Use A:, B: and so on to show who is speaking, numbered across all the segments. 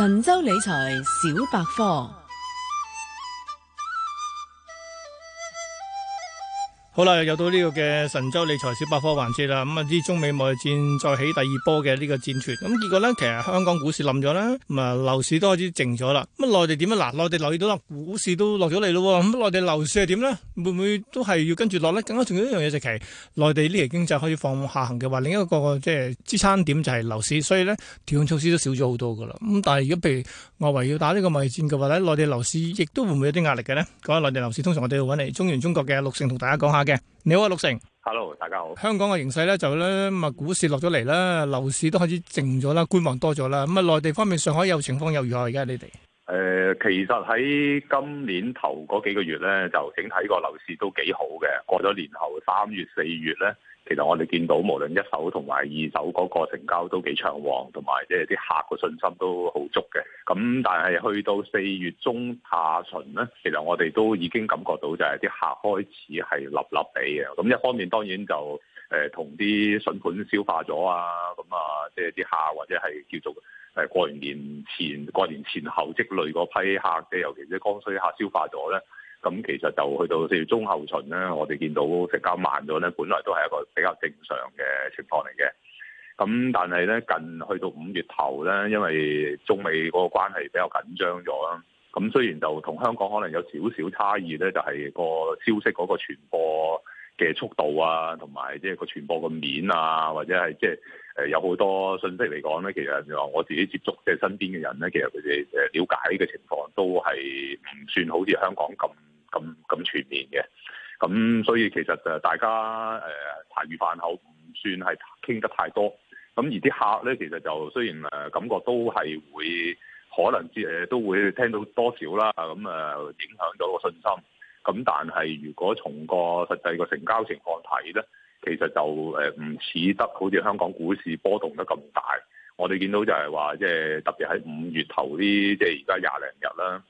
A: 神州理財小百科。好啦，又到呢個嘅神州理財小百科環節啦。咁、嗯、啊，啲中美貿易戰再起第二波嘅呢個戰團，咁、嗯、結果呢，其實香港股市冧咗啦，咁啊樓市都開始靜咗、嗯、啦。咁內地點啊？嗱，內地留意到啦，股市都落咗嚟咯。咁、嗯、內地樓市係點呢？會唔會都係要跟住落呢？更加重要一樣嘢就係、是，內地呢期經濟可以放下行嘅話，另一個即係支撐點就係樓市，所以呢，調控措施都少咗好多噶啦。咁、嗯、但係如果譬如外圍要打呢個貿易戰嘅話內會會呢，內地樓市亦都會唔會有啲壓力嘅呢？講下內地樓市，通常我哋會揾嚟中原中國嘅陸成同大家講下你好啊，陸成，Hello，大家好。香港嘅形勢咧就咧，啊，股市落咗嚟啦，樓市都開始靜咗啦，觀望多咗啦。咁啊，內地方面，上海又情況又如何？而家你哋誒、
B: 呃，其實喺今年頭嗰幾個月咧，就整體個樓市都幾好嘅。過咗年後，三月、四月咧。其實我哋見到無論一手同埋二手嗰個成交都幾暢旺，同埋即係啲客個信心都好足嘅。咁但係去到四月中下旬咧，其實我哋都已經感覺到就係啲客開始係立立地嘅。咁一方面當然就誒同啲筍盤消化咗啊。咁啊，即係啲客或者係叫做誒過年前過年前後積累嗰批客，即尤其啲剛需客消化咗咧。咁其實就去到四月中後旬咧，我哋見到成交慢咗咧，本來都係一個比較正常嘅情況嚟嘅。咁但係咧近去到五月頭咧，因為中美嗰個關係比較緊張咗啦。咁雖然就同香港可能有少少差異咧，就係個消息嗰個傳播嘅速度啊，同埋即係個傳播嘅面啊，或者係即係誒有好多信息嚟講咧，其實就我自己接觸即係身邊嘅人咧，其實佢哋誒瞭解嘅情況都係唔算好似香港咁。咁咁全面嘅，咁所以其實就大家誒、呃、茶餘飯後唔算係傾得太多，咁而啲客咧其實就雖然誒感覺都係會可能即誒都會聽到多少啦，咁誒、啊、影響咗個信心。咁但係如果從個實際個成交情況睇咧，其實就誒唔似得好似香港股市波動得咁大。我哋見到就係話即係特別喺五月頭啲，即係而家廿零日啦。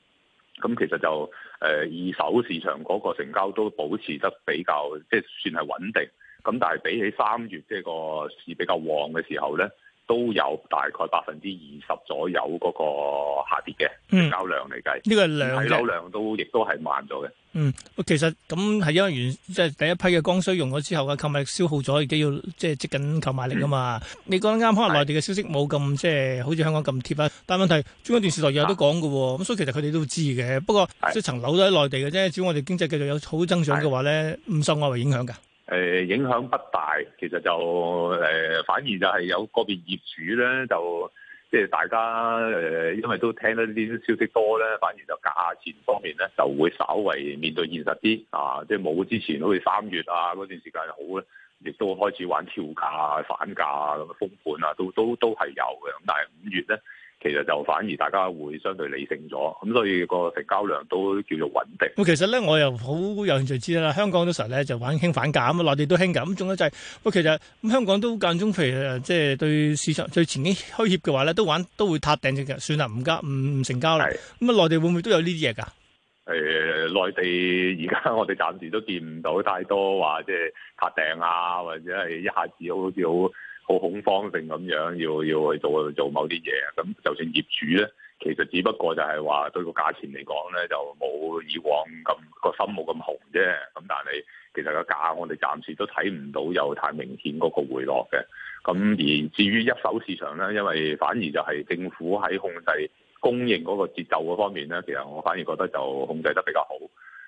B: 咁其實就誒二手市場嗰個成交都保持得比較即係算係穩定，咁但係比起三月即係個市比較旺嘅時候咧，都有大概百分之二十左右嗰個下跌嘅交易量嚟計，睇樓量都亦都係慢咗
A: 嘅。嗯，其實咁係因為原即係第一批嘅剛需用咗之後嘅購買力消耗咗，亦都要即係積緊購買力啊嘛。嗯、你講得啱，可能內地嘅消息冇咁即係好似香港咁貼啦。但係問題中央電視台日日都講嘅喎，咁的所以其實佢哋都知嘅。不過即係層樓都喺內地嘅啫，的只要我哋經濟繼續有好增長嘅話咧，唔受外圍影響嘅。
B: 誒影響不大，其實就誒、呃、反而就係有個別業主咧，就即係大家誒、呃，因為都聽得呢啲消息多咧，反而就價錢方面咧就會稍微面對現實啲啊！即係冇之前好似三月啊嗰段時間好咧，亦都開始玩跳價、反價咁樣封盤啊，都都都係有嘅。咁但係五月咧，其實就反而大家會相對理性咗，咁所以個成交量都叫做穩定。
A: 咁其實咧，我又好有興趣知啦。香港嗰時候咧就玩興反價咁啊，內地都興價。咁仲有就係，喂，其實咁香港都間中，譬如誒，即係對市場最前景虛怯嘅話咧，都玩都會撻訂嘅，算啦，唔加唔成交啦。咁啊是，內、嗯、地會唔會都有呢啲嘢噶？
B: 誒、呃，內地而家我哋暫時都見唔到太多話，即係撻訂啊，或者係一,一下子好似好。好恐慌性咁樣，要要去做做某啲嘢，咁就算業主呢，其實只不過就係話對個價錢嚟講呢，就冇以往咁個心冇咁紅啫。咁但係其實個價，我哋暫時都睇唔到有太明顯嗰個回落嘅。咁而至於一手市場呢，因為反而就係政府喺控制供應嗰個節奏嗰方面呢，其實我反而覺得就控制得比較好。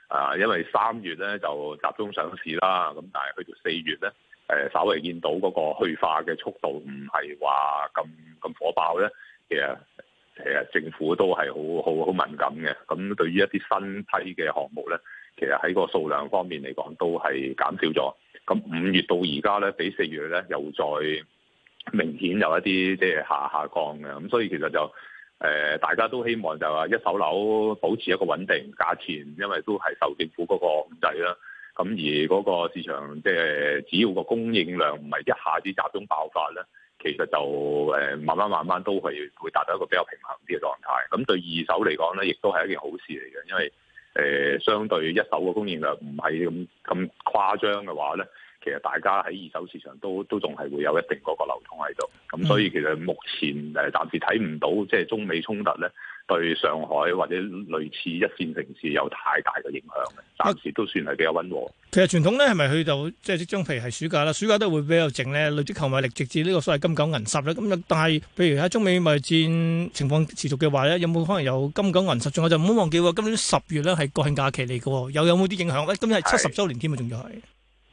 B: 啊，因為三月呢就集中上市啦，咁但係去到四月呢，誒稍微見到嗰個去化嘅速度唔係話咁咁火爆咧，其實其實政府都係好好好敏感嘅。咁對於一啲新批嘅項目咧，其實喺個數量方面嚟講都係減少咗。咁五月到而家咧，比四月咧又再明顯有一啲即係下下降嘅。咁所以其實就誒、呃、大家都希望就話一手樓保持一個穩定價錢，因為都係受政府嗰個控制啦。咁而嗰個市場，即係只要個供應量唔係一下子集中爆發咧，其實就誒慢慢慢慢都係會達到一個比較平衡啲嘅狀態。咁對二手嚟講咧，亦都係一件好事嚟嘅，因為誒、呃、相對一手個供應量唔係咁咁誇張嘅話咧，其實大家喺二手市場都都仲係會有一定嗰個流通喺度。咁所以其實目前誒暫時睇唔到即係中美衝突咧。對上海或者類似一線城市有太大嘅影響，暫時都算係比較溫和。
A: 其實傳統咧係咪去到即係即將，譬如係暑假啦，暑假都會比較靜咧，累積購買力直至呢個所謂金九銀十咧。咁但係譬如喺中美貿易戰情況持續嘅話咧，有冇可能有金九銀十？仲有就唔好忘記今年十月咧係國慶假期嚟嘅，又有冇啲影響？誒，今年係七十周年添啊，仲要係。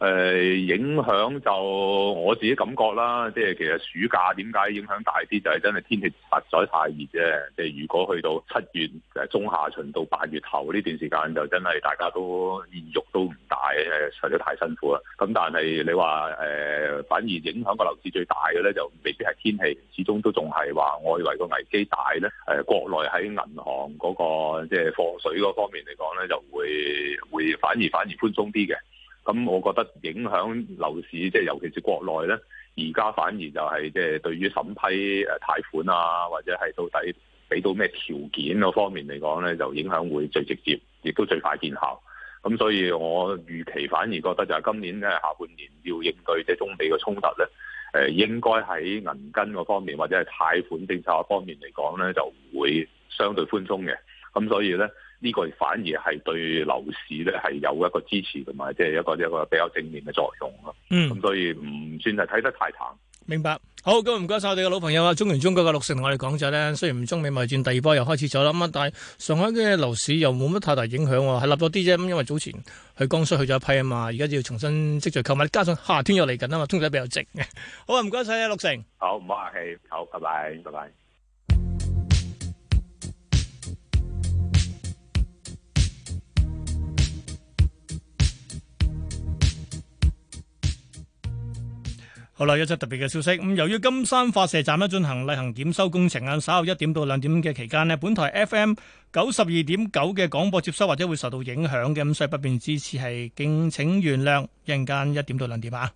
B: 誒、呃，影響就我自己感覺啦，即係其實暑假點解影響大啲，就係、是、真係天氣實在太熱啫。即、就、係、是、如果去到七月誒中下旬到八月頭呢段時間，就真係大家都意欲都唔大誒，除咗太辛苦啦。咁但係你話誒、呃，反而影響個樓市最大嘅咧，就未必係天氣，始終都仲係話外圍個危機大咧。誒、呃，國內喺銀行嗰、那個即係放水嗰方面嚟講咧，就會會反而反而寬鬆啲嘅。咁我覺得影響樓市，即係尤其是國內咧，而家反而就係即係對於審批誒貸款啊，或者係到底俾到咩條件嗰方面嚟講咧，就影響會最直接，亦都最快見效。咁所以我預期反而覺得就係今年嘅下半年要應對即係中美嘅衝突咧，誒應該喺銀根嗰方面或者係貸款政策嗰方面嚟講咧，就會相對寬鬆嘅。咁所以咧，呢、這個反而係對樓市咧係有一個支持同埋，即係一個一個比較正面嘅作用咯。嗯，咁、嗯、所以唔算係睇得太淡。
A: 明白。好，咁唔該晒我哋嘅老朋友啊，中原中國嘅陸成，同我哋講咗咧，雖然唔中美貿易戰第二波又開始咗啦，咁但係上海嘅樓市又冇乜太大影響喎，係落咗啲啫。咁因為早前去江蘇去咗一批啊嘛，而家要重新積聚購買，加上夏天又嚟緊啊嘛，通常比較靜。好啊，唔該晒啊，陸成。好，唔好客氣。好，拜拜，拜拜。拜拜。好啦，一則特別嘅消息。咁由於金山發射站咧進行例行檢修工程，啊，稍後一點到兩點嘅期間咧，本台 FM 九十二點九嘅廣播接收或者會受到影響嘅，咁所以不便之處，係敬請原諒。一陣間一點到兩點啊。